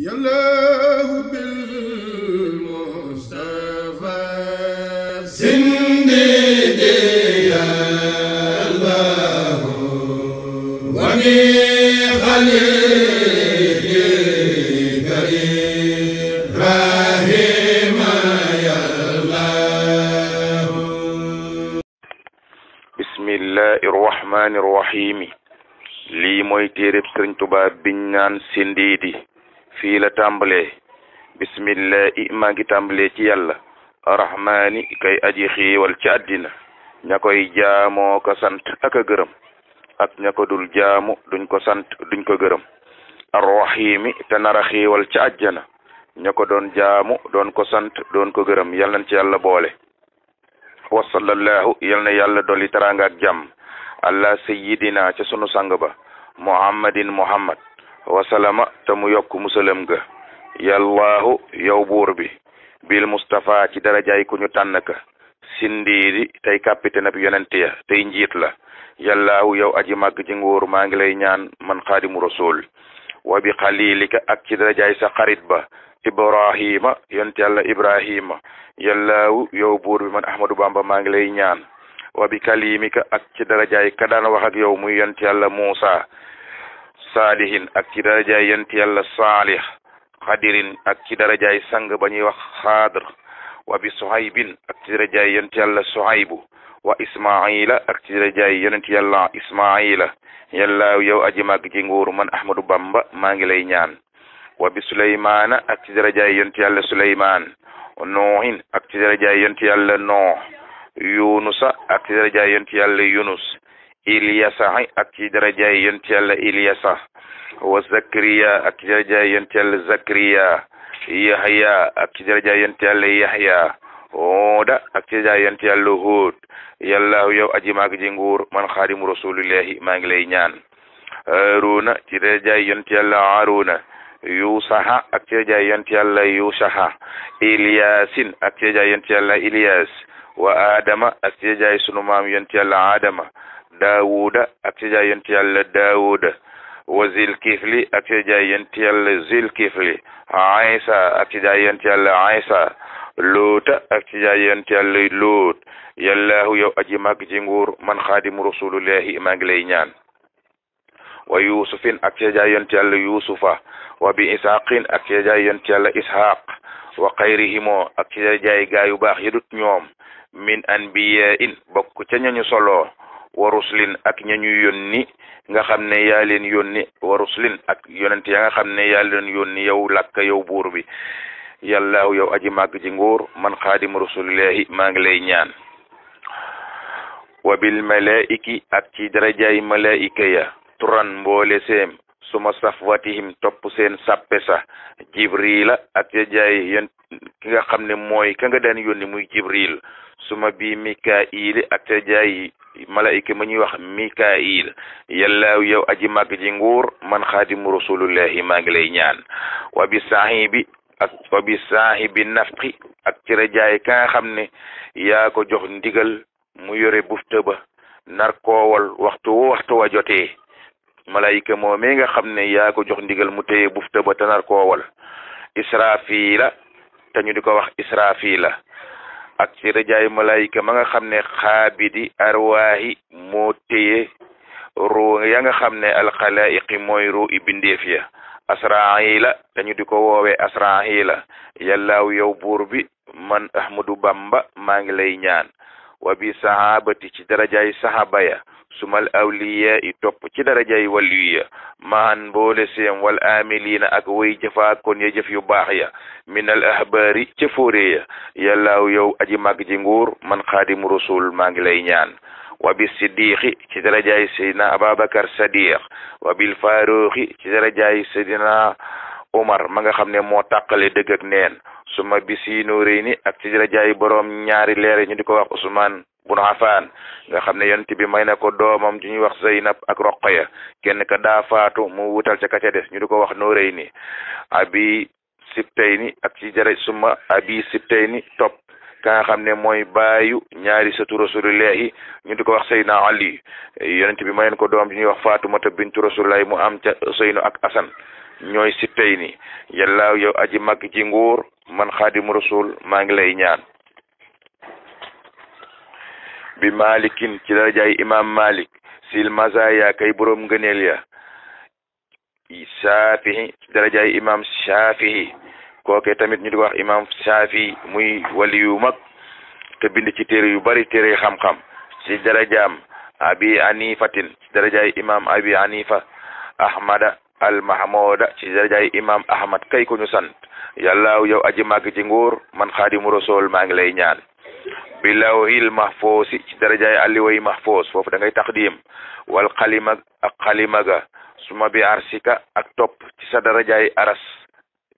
يلاه بالمصطفى سندي يا الله ومي خليلي كريم رحيم يا الله بسم الله الرحمن الرحيم لي mooy téereb sëriñ tuba biñ naan fiila tambule bisimilla imaki tambule ci yalla arahmani kay aji xiiwal ci addina ñakoy jaamoo ko sant ak a gërëm ak ñako dul jaamu duñ ko sant duñ ko gërëm arrahimi te nara xiiwal ci ajjana ña ko doon jaamu doon ko sant doon ko gërëm yal nañ ci yàlla boole wa sal allahu yal na yàlla doli taraanga ak jàmm allah sayidina ca sunu sang ba mohammadin mohammad wasalama te mu yokk musalam ga yallaahu yow buur bi bil Moustapha ci darajaay ku ñu tànn ka sindiidi tey capitaine bi yonent ya njiit la yallaahu yow aji màgg ji nguur maa ngi lay ñaan man xaadimu rasul wa bi xalilika ak ci darajaay sa xarit ba ibrahima yonent yàlla ibrahima yallaahu yow buur bi man ahmadu bamba maa ngi lay ñaan wa bi kalimika ak ci darajaay ka daan yow muy yonent yàlla muusa saalihin ak ci darajaay yent yàlla saalih xadirin ak ci darajaay sang ba ñuy wax xaadir wa bi suhaybin ak ci darajaay yent yàlla suhaybu wa ismaila ak ci darajaay yonent yàlla ismaila yàllaaw yow aji màgg ci nguuru man ahmadu bamba maa ngi lay ñaan wa bi suleymaana yàlla suleymaan noohin ak ci darajaay yonent yàlla nooh yunusa yunus Ilyasa ak ci darajaay yonent Yàlla Ilyasa wa Zakariya ak ci darajaay yonent Yàlla Zakariya Yahya ak ci darajaay yonent Yàlla Yahya Hooda ak ci darajaay yonent Yàlla Huud yàllaahu yow aji màgg ji nguur man xaadimu rasulillahi maa ngi lay ñaan Haaruna ci darajaay yonent Yàlla Haaruna Yuusaha ak ci darajaay yonent Yàlla Yuusaha Ilyaasin ak ci darajaay yonent Yàlla Ilyaas wa Adama ak ci darajaay sunu maam yonent Yàlla Adama daawuda ak ca jaay yonent yàlla daawuda wa zilkifli ak ca jaay yonent yàlla zilkifli isa ak ca jaay yonent yàlla isa loota ak ci jaay yonent yàlla loot yallaahu yow aji màgg ci nguur man xaadimu rasulillahi maa ngi lay ñaan wa yusufin ak ci jaay yonent yàlla yusufa wa bi isaaqin ak ci jaay yonent yàlla isxaaq wa xayrihimo ak ci jaay gaayu baax yedut ñoom min anbiya in bokk ca ñañu solo wa ruslin ak ñañu yónni nga xam ne yaa leen yónni wa ruslin ak yonent ya nga xam ne yaa leen yónni yow làkka yow buur bi yàllaahu yow aji màgg ji nguur man xaadim rasulillahi maa ngi lay ñaan wa bil malaiki ak ci darajaay malaika ya turan mboole seem suma safwatihim topp seen sàppe sa jibrila ak ca jaay yon ki nga xam ne mooy ka nga daan yónni muy jibril suma bi mikail ak ca jaay malaayika ma ñuy wax mikail yàllaaw yow aji màgg ji nguur man xaadimu rasulullahi maa ngi lay ñaan wa bi saahibi ak wa bi saahibi ak ci rajaay ka nga xam ne yaa ko jox ndigal mu yore bufta ba narkoowal waxtu waxtu wa jotee malayka moomee nga xam ne yaa ko jox ndigal mu téye bufta ba tanar koo wal israfila te ñu di ko wax israfila ak ci rajaayu malayka ma nga xam ne xaabidi arwaahi moo téye ruu ya nga xam ne alxalaiqi mooy ruu i bindeef ya asraila te ñu di ko woowee asraila yàllaaw yow buur bi man ahmadu bamba maa ngi lay ñaan wa bi sahabati ci darajaayu sahaba ya sumal awliya i topp ci darajay waliyu ya maan mboole seem wal amilina ak way jëfaa kon ya jëf yu baax ya minal ahbaari ca fóore ya yàllaaw yow aji màgg ji nguur man xaadimu rasul maa ngi lay ñaan wa bi siddiqi ci darajay seydina ababakar sadiq wa bil faaruqi ci darajay seydina omar ma nga xam ne moo tàqale dëgg ak neen suma bi sinurini ak ci darajaay borom ñaari leer ñu di ko wax Usman bunu afaan nga xam ne yonent bi may na ko doomam ju ñuy wax zaynab ak roqaya kenn ka daa faatu mu wutal ca ñu wax ni abi sibtayni ak ci abi top ka nga xam nyari mooy baayu ñaari sëtu rasulillahi ñu di wax sayna ali yonent bi mayoon ko doom ju ñuy wax mu am ca seynu ak asan ñooy sibtayni yàlla yow aji mag ji nguur man xaadim rasul maa ngi lay ñaan bi malikin ci darajaay imam malik sil mazaya kay borom ngëneel ya saafihi ci imam saafihi kooke tamit ñu di wax imam saafi muy wali mag te bind ci téere yu bari téere xam-xam ci darajaam abi anifatin ci darajaay imam abi anifa ahmada al mahmoud ci imam ahmad kay ko ñu sant yalla yow aji mag ci nguur man khadimu rasul ma ngi lay ñaan bilawhil mahfuz ci aliway mahfus, fofu da ngay taqdim wal qalima ak qalimaga suma bi arsika ak top ci sa aras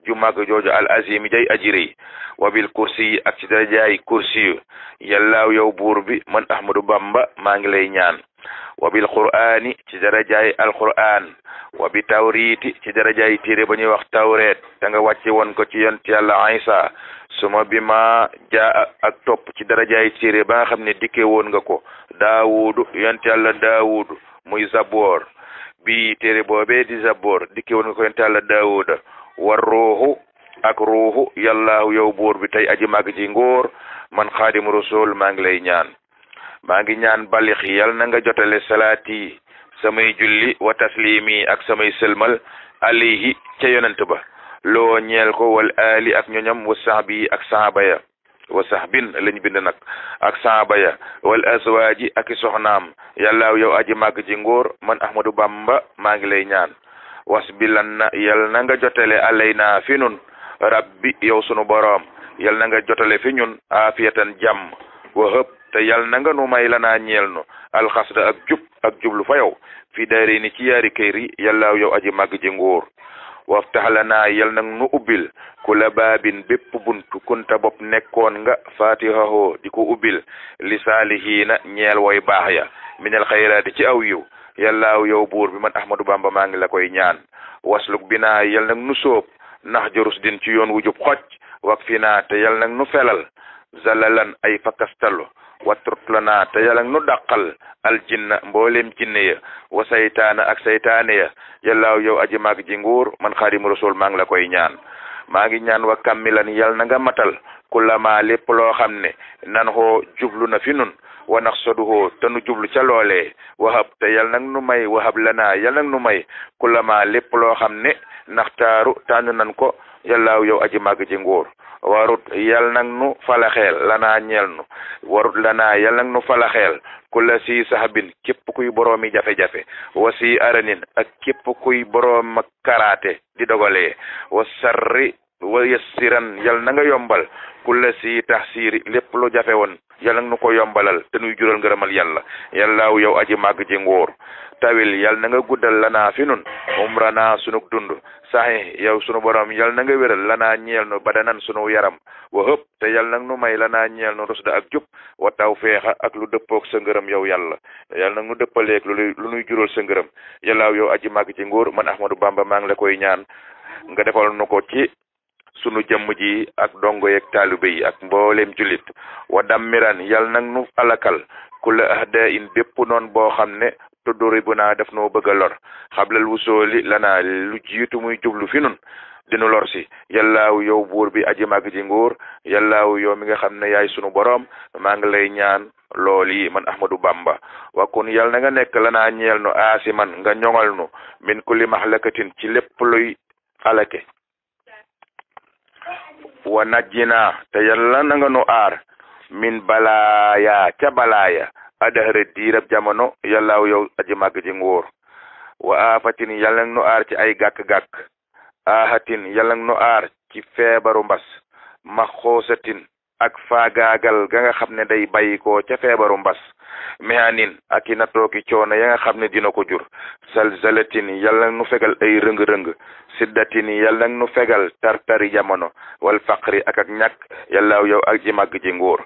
ju mag jojo al azimijai jay ajiri Wabil kursi ak ci darajay kursi yalla yow bur bi man ahmadu bamba ma ngi lay ñaan wa bil qur'ani ci darajaay alqur'an wa bi tawriiti ci darajaay téere ba ñuy wax tawreet da nga wàcce woon ko ci yont yàlla isa suma bi ma jaa ak topp ci darajaay téere ba nga xam ne dikke woon nga ko daawudu yont yàlla daawudu muy zaboor bi téere boobe di zaboor dikke ko yont yàlla daawuda war ruuxu ak ruuxu yàllaahu yow buur bi tey aji màgg ji ngóor man xaadim rasul maa ngi lay ñaan maa ngi ñaan balix yal na nga jotale salaati samay julli wa taslimi ak samay sëlmal alayhi ca yonent ba loo ñeel ko wal aali ak ñoñam wa sahbi ak sahaba ya wa sahbin lañ bind nag ak sahaba ya wal aswaaji ak i soxnaam yàllaaw yow aji màgg ci ngóor man ahmadu bamba maa ngi lay ñaan wasbilan na yal na nga jotale alayna fi nun rabbi yow sunu boroom yal na nga jotale fi ñun aafiyatan jàmm wa hëpp te yàlla na nga nu may lanaa ñeel nu alxasda ak jub ak jublu fa yow fi daaree ni ci yaari kër yow aji màgg ji nguur waftax lanaa yal nag nu ubbil ku la baabin bépp bunt kunta bopp nekkoon nga fatihahoo di ko ubbil li saalihiina ñeel woy baax ya minal xayraati ci aw yiw yàllaaw yow buur bi man ahmadu bamba maa ngi la koy ñaan wasluk bi naa yal nag nu sóob nax jorus din ci yoon wu jub xoj wak fi te yal nag nu felal zalalan ay fakastalu wattut lana te yàlla nu dàqal al jinna mbooleem jinne ya wa saytaana ak saytaane ya yàllaaw yow aji mag ji nguur man xaadimu rasul maa ngi la koy ñaan maa ngi ñaan wa kàmmilan yàlla na nga matal kullama lépp loo xam ne nan xoo jublu na fi nun wa naqsaduhu te tanu jublu ca loolee wahab te yal nu may wahab lanaa yal nu may kullama lépp loo xam ne naxtaaru tànn nan ko yàllaaw yow aji màgg ji nguur warut yal nag nu falaxeel lanaa ñeel nu warut lanaa yal nu falaxeel ku la si saxabin képp kuy boroomi jafe wa si aranin ak képp kuy boroom ak karate di dogalee wa sarri wa yessiran yal na nga yombal kula si tax siiri lépp lu jafe woon yàlla na ko yombalal te nuy jural ngërëmal yàlla yàllaaw yow aji màgg ji ngóor tawil yàlla na nga guddal lanaa fi nun umranaa dund saxi yow sunu boram yàlla na nga wéral lanaa ñeel nu badanan sunu yaram wa te yàlla nag nu may lanaa ñeel nu rusda ak jub wa taw feexa ak lu dëppook sa ngërëm yow yàlla yàlla nag nu dëppaleeg lu nuy jural sa ngërëm yàllaaw yow aji màgg ji ngóor man Ahmadou Bamba maa ngi la koy ñaan nga defal nu ko ci sunu jëmm ji ak dongo yeeg taalibe yi ak mbooleem jullit wa dammiran yal nag nu alakal ku la ahda in bépp noon boo xam ne tudduri bu naa def noo bëgg a lor xablal wusooli lanaa lu jiitu muy jublu fi nun dinu lor si yàllaaw yow buur bi aji màgg ji nguur yàllaaw yow mi nga xam ne yay sunu borom maa ngi lay ñaan lool yi man Ahmadou Bamba wa kun yàlla na nga nekk lanaa ñeel nu aasi man nga ñoŋal nu min kulli maxlakatin ci lépp luy alake wa najjina te yàlla na nu aar min balaaya ca balaaya adahra diirab jamono yàllaaw yow aji màgg ji nguur wa aafatin yàlla na nu aar ci ay gàkk-gàkk aahatin yàlla na nu aar ci feebaru mbas maxoosatin ak faagaagal ga xam ne day bàyyikoo ca feebaru mbas mehanin ak i nattooki coono ya nga xam ne dina ko jur sal salzalatin yàlla nu fegal ay rëng-rëng siddatin yàlla nu fegal tartari jamono wal faqri ak ak ñàkk yàlla yow ak ji màgg ji nguur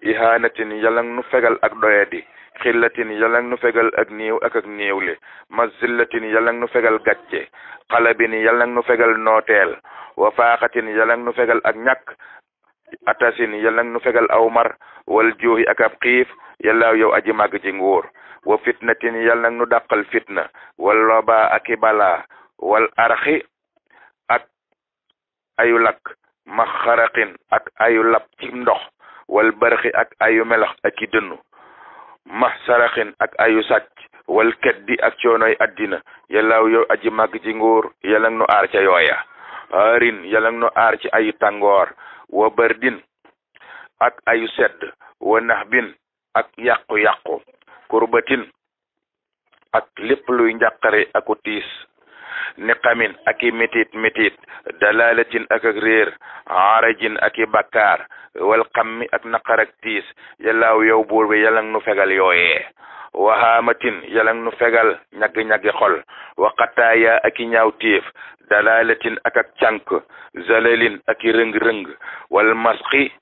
ihanatin yàlla nu fegal ak doyadi xillatin yàlla nu fegal ak niiw ak ak niiwle mazillatin yàlla nu fegal gàcce xalabin yàlla nu fegal nooteel wafaaxatin yàlla nu fegal ak ñàkk atasin yal nu fegal aw mar wal jooxi ak ab xiif yàlla yow aji màgg ci nguur wa nu dàqal fitna wal loba ak wal arxi ak ayu lakk ma xaraqin ak ayu lap ci ndox wal barxi ak ayu melax ak i dënnu ma saraxin ak ayu sàcc wal keddi ak coonoy addina yàlla yow aji màgg ci nguur yal nu aar ca yooya haarin nu aar ci ayu tàngoor wa bardin ak ayu sedd wa nax bin ak yàqu-yàqu kurbatin ak lépp luy njàqare aku niqamin ak i métit métit dalalatin ak ak réer arajin ak wal xammi ak naqar ak tiis yallaaw yow buur bi yàlla nu fegal yooyee wahaamatin yàlla nu fegal ñaggi-ñaggi xol waxataaya ak i ñaaw téef dalalatin ak ak cànk zalalin ak i rëng-rëng wal masqi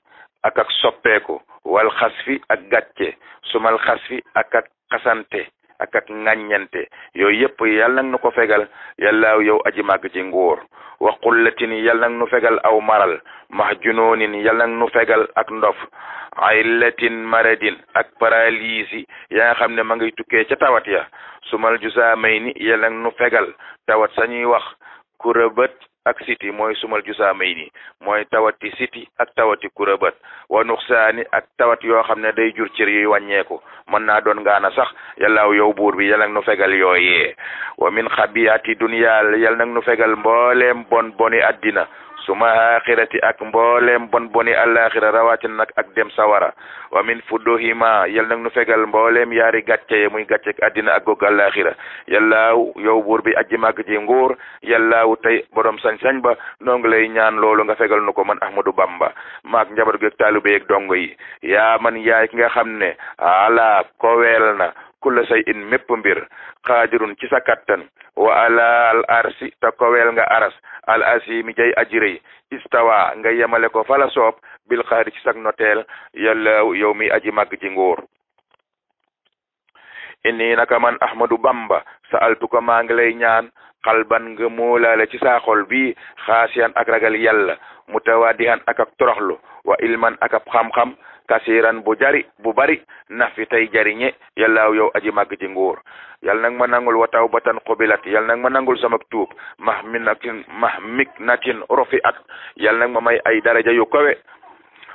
ak ak soppeeku wal xas fi ak gàcce sumal xas fi ak ak ak ak ŋàññante yooyu yëpp yal nag nu ko fegal yàlla yow aji màgg ci nguur wa qullatin yal nag nu fegal aw maral mahjunonin yal nag nu fegal ak ndof illatin maradin ak paralysie yaa nga xam ne ma ngay tukkee ca tawat ya sumal jusaamay ni yal nag nu fegal tawat sañuy wax kurabët ak siti mooy sumal jusaamay ni mooy tawati siti ak tawati kurabat wa nuxsaani ak tawat yoo xam ne day jur cër yuy wàññeeku mën naa doon ngaana sax yàllaaw yow buur bi yàlla nu fegal yoo wa min xabiyaati dunyaal yàlla nag nu fegal mbooleem bon boni àddina suma axirati ak mboolem bon boni àllaaxira rawatina nag ak dem sawara wa min fuduhima yal nag nu fegal mboolem yaari gàcce ye muy gàcce ak àddina ak goog àllaaxira yow buur bi aji màgg ji nguur yallaaw tey borom sañ-sañ ba noo ngi ñaan loolu nga fegal nu ko man Ahmadu Bamba maak njabar geeg taalibe yeeg dongo yi yaa man yaay ki nga xam ne ala koweel na kulla say in mépp mbir xaajirun ci sa kattan wa ala arsi te koweel nga aras al asimi jay ajirëy istawa nga yemale ko fala soob bil xaari ci sag noteel yàlla yow mi aji màgg ji nguur inni naka man ahmadu bamba sa'altuka maa ngi lay ñaan xalban nga moolaale ci saa xol bi xaasiyan ak ragal yàlla mutawadihan ak ak toroxlu wa ilman ak ab xam-xam kasiran bu jari bu bari nafi tay jariñe yallaaw yow aji màgg ci nguur yal nag ma nangul wa tawbatan qubilat yal nag ma nangul samak tuub mahminatin mahmiknatin rufiat yal nag ma may ay daraja yu kawe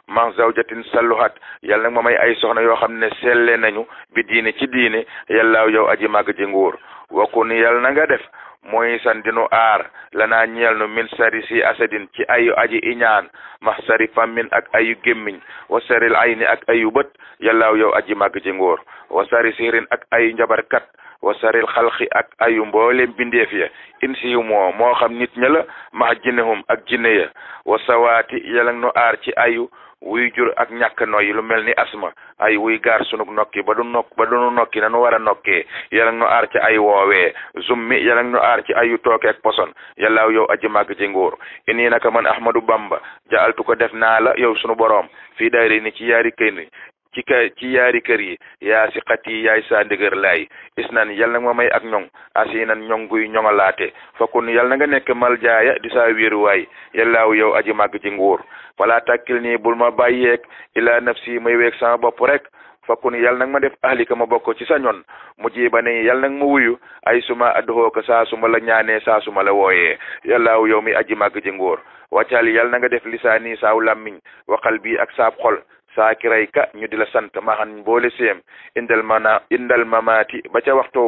ma zawjatin salluhat yal nag ma may ay soxna yoo xam ne selle nañu bi diine ci diine yallaaw yow aji màgg ci nguur wakun yal def moy sandino ar lana ñeel no min sari si asadin ci ayu aji iñaan max sari min ak ayu gemmiñ wa saril ayni ak ayu bët yalla yow aji mag ci ngor wa sari sirin ak ayu kat wa saril khalqi ak ayu mboolem bindef ya insi mo mo xam nit ñala ma jinnahum ak jinne ya wa sawati yalla no ar ci ayu wuy jur ak ñàkk noyyi lu mel ni asma ay wuy gar sunu nokki ba du nokk ba du nu nokki nanu war a nokkee yàlla nu aar ci ay woowee zummi yàlla nu aar ci ayu tooke ak poson yàllaaw yow aji màgg ci nguur inni naka man ahmadu bamba jaaltu ko def naa la yow sunu boroom fii dayri ni ci yaari këy ci ka yaari kër yi yaa si xat yi yaay saa ndëgër laay is nan yal na ma may ak ñoŋ asi nan ñoŋ guy ñoŋalaate fakkun yal na nga nekk mal jaaya di saa wéeruwaay yallaaw yow aji màgg ci nguur wala tàkkil nii bul ma bàyyeeg ilaa nafsi may wek sama bopp rek fakkun yal nag ma def ahlika ma bokk ci sa ñoon mu jiiba ne yal nag ma wuyu ay suma adduhooka saa suma la ñaanee saa suma la wooyee yallaaw yow mi aji màgg ci nguur wàccal yal na nga def lisaani saaw làmmiñ waxal bi ak saab xol saakiray ka ñu di la sant maa xam boole séem indal mana indal mamaati ba ca waxtu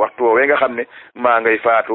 waxtu woowee nga xam ne maa ngay faatu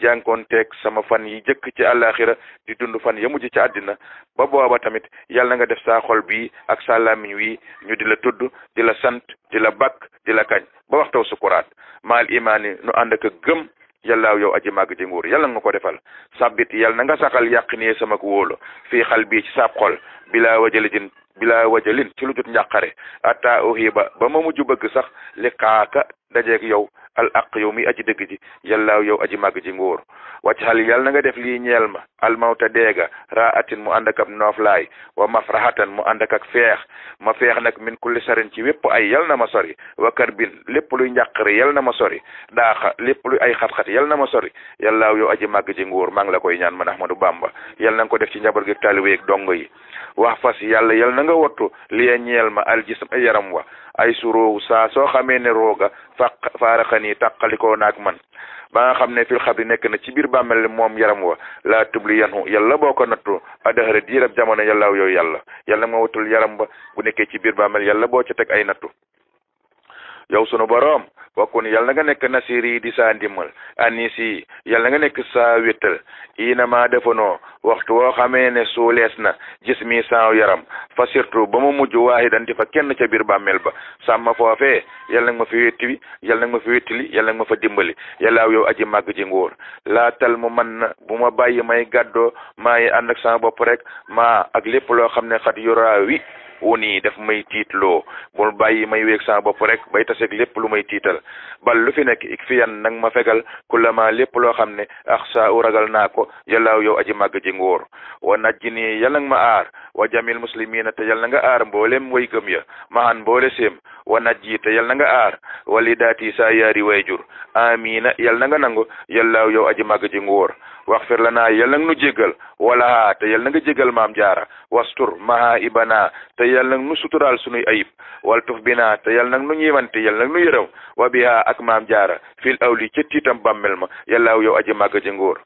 jànkoonteeg sama fan yi jëkk ci àllaaxira di dund fan ya mujj ci àddina ba booba tamit yàlla nga def saa xol bii ak saa wi ñu di la tudd di la sant di la bakk di la kañ ba waxtaw sukuraat maal imaani nu ànd ak gëm yàllaaw yow aji màgg ji yalla yàlla nga ko defal sabbit yàlla na nga saxal yàqinee sama ko wóolu fii xal bii ci saab xol bilaa wajali jin bilaa wajalin ci lu jot njàqare atta ohiba ba ma mujj bëgg sax li xaaka dajeeg yow al aq yow mi aji dëgg ji yàllaaw yow aji màgg ji nguur wàcc xal yal na nga def lii ñeel ma almawta deega raatin mu ànd ak ab nooflaay wa mafrahatan mu ànd ak ak feex ma feex nag min kulli sarin ci wépp ay yal na ma sori wa karbin lépp luy njàqari yal na ma sori daaxa lépp luy ay xat-xat yal na ma sori yàllaaw yow aji màgg ji nguur maa la koy ñaan man Ahmadou Bamba yal na ko def ci njaboot gi taalibe yeeg dongo yi wax fas yàlla yal na nga wattu liye ma al jism yaram wa ay suróowu saa soo xamee ne rooga fa faaraxanii tàqalikoo naak man ba nga xam ne fil xabri nekk na ci biir bàmmel moom yaram wa laa tubli yanu yalla boo ko nattu addaxara diirab jamono yàllaaw yooyu yàlla yàlla nga wutul yaram ba bu nekkee ci biir bàmmel yàlla boo ca teg ay nattu yow sunu boroom wakkun yal nga nekk nasiri di saa ndimmal anisi yal na nga nekk saa wéttal ina ma defanoo waxtu woo xamee ne suulees na gis mi saaw yaram fa surtout ba mu mujj waahidan di fa kenn ca biir bàmmeel ba sàmm foofee yal na nga ma fa wétti yal nga ma fa wéttili ma fa dimbali yallaaw yow aji màgg ji nguur laatal mu man na bu ma bàyyi may gàddoo maa ngi ànd ak sama bopp rek maa ak lépp loo xam ne xat yoraawi wuni daf may tiitloo bul bàyyi may weeg saa bop rek bay taseeg lépp lu may tiital bal lu fi nekk ik fi yan ma fegal kullama lépp loo xam ne ax saa u ragal naa ko yàllaaw yow aji màgg ji nguur wa najji nii yàlla nga ma aar wa jamil muslimina te yàlla na nga aar mboolem way gëm ya mahan mboole séem wa najji te yàlla na nga aar wali daati saa yaari way jur amina yàlla na nga nangu yàllaaw yow aji màgg ji nguur wax lana yal nag nu jéggal walaha te yal na nga jéggal maam jaara wastur maha ibana te yal nag nu suturaal sunuy ayib waltuf bina te yal nag nu ñiwante yal nag nu yërëm wa biha ak maam jaara fil awli ca tiitam bàmmel ma yallaaw yow aji màgg ji ngóor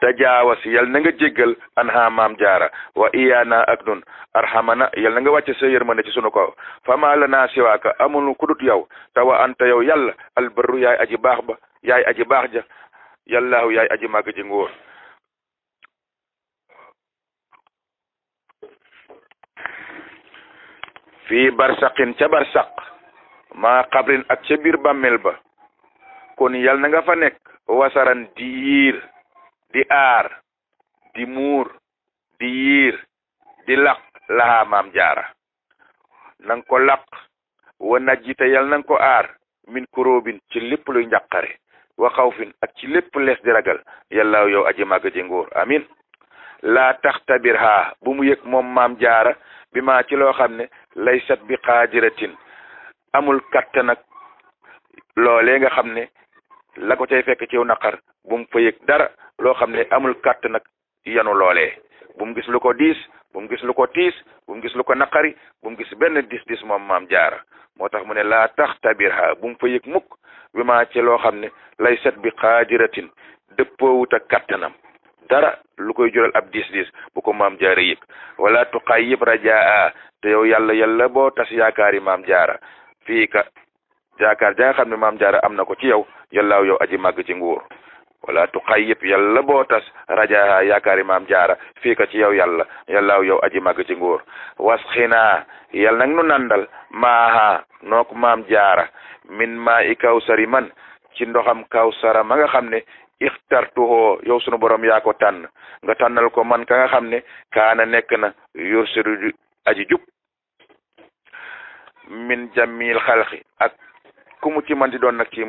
tajaawasi yal na nga jéggal anha maam jaara wa iyaana ak nun arhamana yal na nga wàcce sa yërmande ci sunu kaw fama lana siwaaka amunu kudut yow tawa anta yow yàlla albarru yaay aji baax ba yaay aji baax ja yàllaahu yaay aji màgg ji nguur fii barsaqin ca barsaq maa xabrin ak ca biir bàmmeel ba kon yal na nga fa nekk wasaran di yiir di aar di muur di yiir di laq lahaa maam jaara nang ko laq wa najjite yal nang ko aar min kuróobin ci lépp luy njàqare wa xawfin ak ci lépp lees di ragal yàllaaw yow aji màgg ji nguur amin laa taxtabir haa bu mu yëg moom maam jaara bi maa ci loo xam ne laysat bi qaadiratin amul kattan nag loole nga xam ne la ko cay fekk ci naqar bu mu fa yëg dara loo xam ne amul kattan nag yanu loolee bu mu gis lu ko diis bu mu gis lu ko tiis bu mu gis lu ko naqari bu mu gis benn dis dis moom maam jaara moo tax mu ne laa taxtabir haa bu mu fa yëg mukk bi maa ci loo xam ne lay set bi xaajiratin dëppoowut ak kattanam dara lu koy jural ab diis diis bu ko maam jaara yëg wala tuqaay yëpp rajaa te yow yàlla yalla boo tas yaakaari maam jaara fii ka yaakaar ja xam ne maam jaara am na ko ci yow yàllaaw yow aji màgg ci nguur wala tuqaay yëpp yàlla boo tas rajaa yaakaari maam jaara fii ka ci yow yàlla yàllaaw yow aji màgg ci nguur wasxinaa yàlla nag nu nandal maaha nook maam jaara min maa i kawsari man ci ndoxam kawsara ma nga xam ne ixtartuhoo yow sunu borom yaa ko tànn nga tànnal ko man ka nga xam ne kaana nekk na yursidu aji jub min jamil xalqi ak ku mu ci man di doon nag ci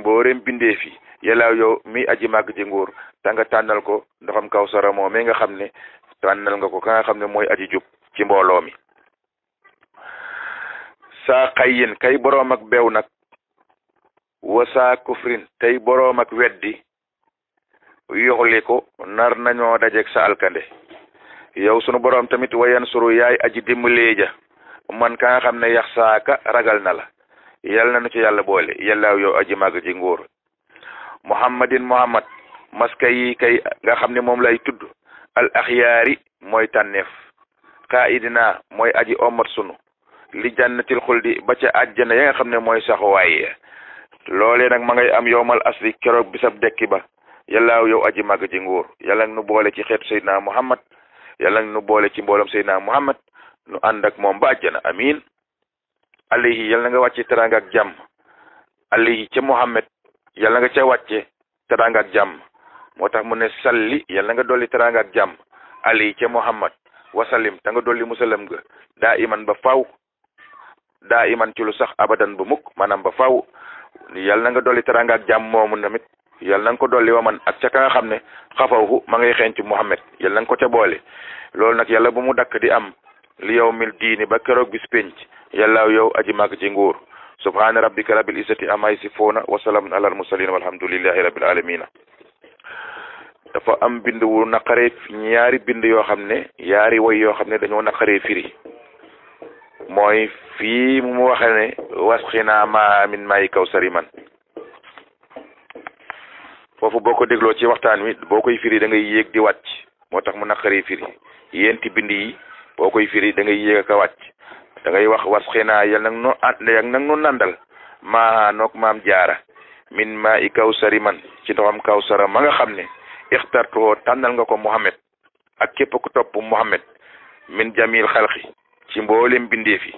bindee fi yalaaw yow mi aji màgg ci nguur da nga tànnal ko ndoxam kawsara moo mi nga xam ne tànnal nga ko ka xam ne mooy aji jub ci mbooloo mi saa xayin kay boroom ak beew nag wasaa kufrin tey boroom ak weddi yoxli ko nar nañoo dajeeg sa alkande yow sunu borom tamit wayan suru yaay aji dimbalee ja man ka xam ne yax saaka ragal na la yal na ci yàlla boole yàllaaw yow aji màgg ji nguur muhammadin muhammad maska yi kay nga xam ne moom lay tudd al axyaari mooy tànneef qaidina mooy aji omat sunu li jannatil xuldi ba ca àjjana ya nga xam ne mooy saxuwaay loolee nag ma ngay am yowmal asri keroog bisab dekki ba yàllaaw yow aji màgg ji nguur yàlla nu boole ci xeetu Seydina Muhammad yàlla nu boole ci mbooloom Seydina Muhammad nu ànd ak moom ba àjjana amiin alayhi yàlla na nga wàcce teraanga ak jàmm ci ca Muhammad yàlla nga ca wàcce teraanga ak jàmm moo tax mu ne salli yàlla nga dolli teraanga ak jàmm alayhi ca Muhammad wasalim ta nga dolli musalam nga daa iman ba faw daa iman ci lu sax abadan ba mukk maanaam ba faw yal na nga dolli teranga ak moomu tamit yal na ko dolli wa man ak ca ka nga xam ne xafawu ma ngay xenc Muhammad yal na ko ca boole loolu nag yàlla bu mu dakk di am li yow mil diini ba keroog bis penc yàlla yow aji màgg ci nguur subhaana rabbika rabbil izzati amma yasifuuna wa salaamun alal mursaliin walhamdulillahi rabbil aalamiina dafa am bind wu naqaree ñaari bind yoo xam ne yaari woy yoo xam ne dañoo naqaree firi mooy fii mu waxe ne wasxinaa maa min kaw kawsari man foofu boo ko dégloo ci waxtaan wi boo koy firi da ngay yéeg di wàcc moo tax mu naqaree firi yéenti bind yi boo koy firi dangay ngay yéeg ak wax wasxinaa yal nag noo ànd yal nag noo nandal maam jaara min kaw kawsari man ci ndoxam kawsara ma nga xam ne ixtartuwoo tànnal nga ko Muhammad ak képp ku topp Muhammad min jamil xalqi ci mboolem bindeef yi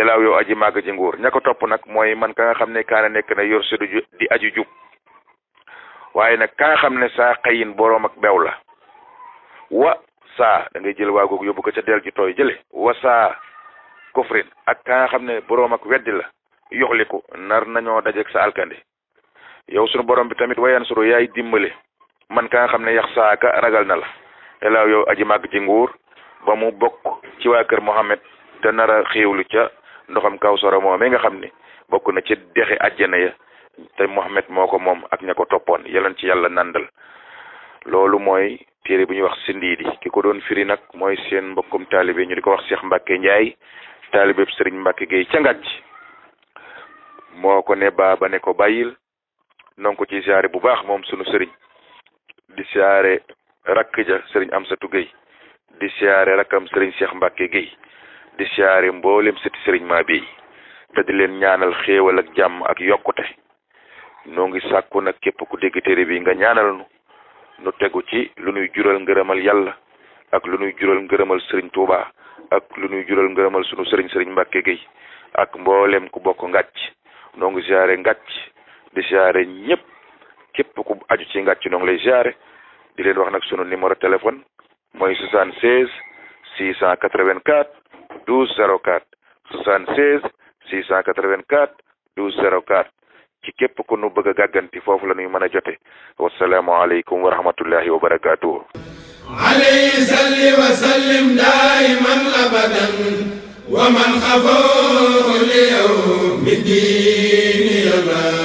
yalaaw yow aji mag ji nguur ña ko topp nag man ka nga xam kaana nekk na yor sedu di aju jub waaye nag ka nga xam ne saa xayin ak bew la wa saa da ngay jël waa googu yóbbu ko ca del ju tooy jële wa saa kufrin ak ka nga xam ne ak weddi la yoxliku nar sa alkande yow borom bi tamit wayan suru yaay dimbale man ka nga xam ne yax ragal na la yalaaw yow aji mag ji nguur ba mu ci waa kër Mohammed te nar a xéewlu ca ndoxam Kawsara moomee nga xam ne bokk na ci dexi àjjana ya te Mohammed moo ko moom ak ña ko toppoon yelan ci yàlla nandal loolu mooy téere bu ñuy wax Sindiidi ki ko doon firi nag mooy seen mbokkum taalibe ñu di ko wax Cheikh Mbacke Ndiaye taalibe Serigne mbake Gueye ca Ngàcc moo ko ne baaba ne ko bàyyil non ci siyaare bu baax moom sunu Serigne di siyaare rakk ja Serigne Amsatou Gueye di siyaare rakam sëriñ Cheikh Mbacke Guèye di siyaare mboolem sëti sëriñ maa bi te di leen ñaanal xéewal ak jàmm ak yokkute noo ngi sàkku nag képp ku dégg téere bi nga ñaanal nu nu tegu ci lu nuy jural ngërëmal yàlla ak lu nuy jural ngërëmal sëriñ Touba ak lu nuy jural ngërëmal sunu sëriñ sëriñ Mbacke Guèye ak mboolem ku bokk ngàcc noo ngi siyaare ngàcc di siyaare ñëpp képp ku aju ci ngàcc noo ngi lay siyaare di leen wax nag sunu numéro téléphone. mooy 76 684 12 04 76 684 12 04 ci képp ku nu bëgg a gàgganti foofu la ñuy mën a jote wasalaamaaleykum wa rahmatullahi wa barakaatuhu alayhi salli wa sallim daiman abadan wa man xafoo li yow mi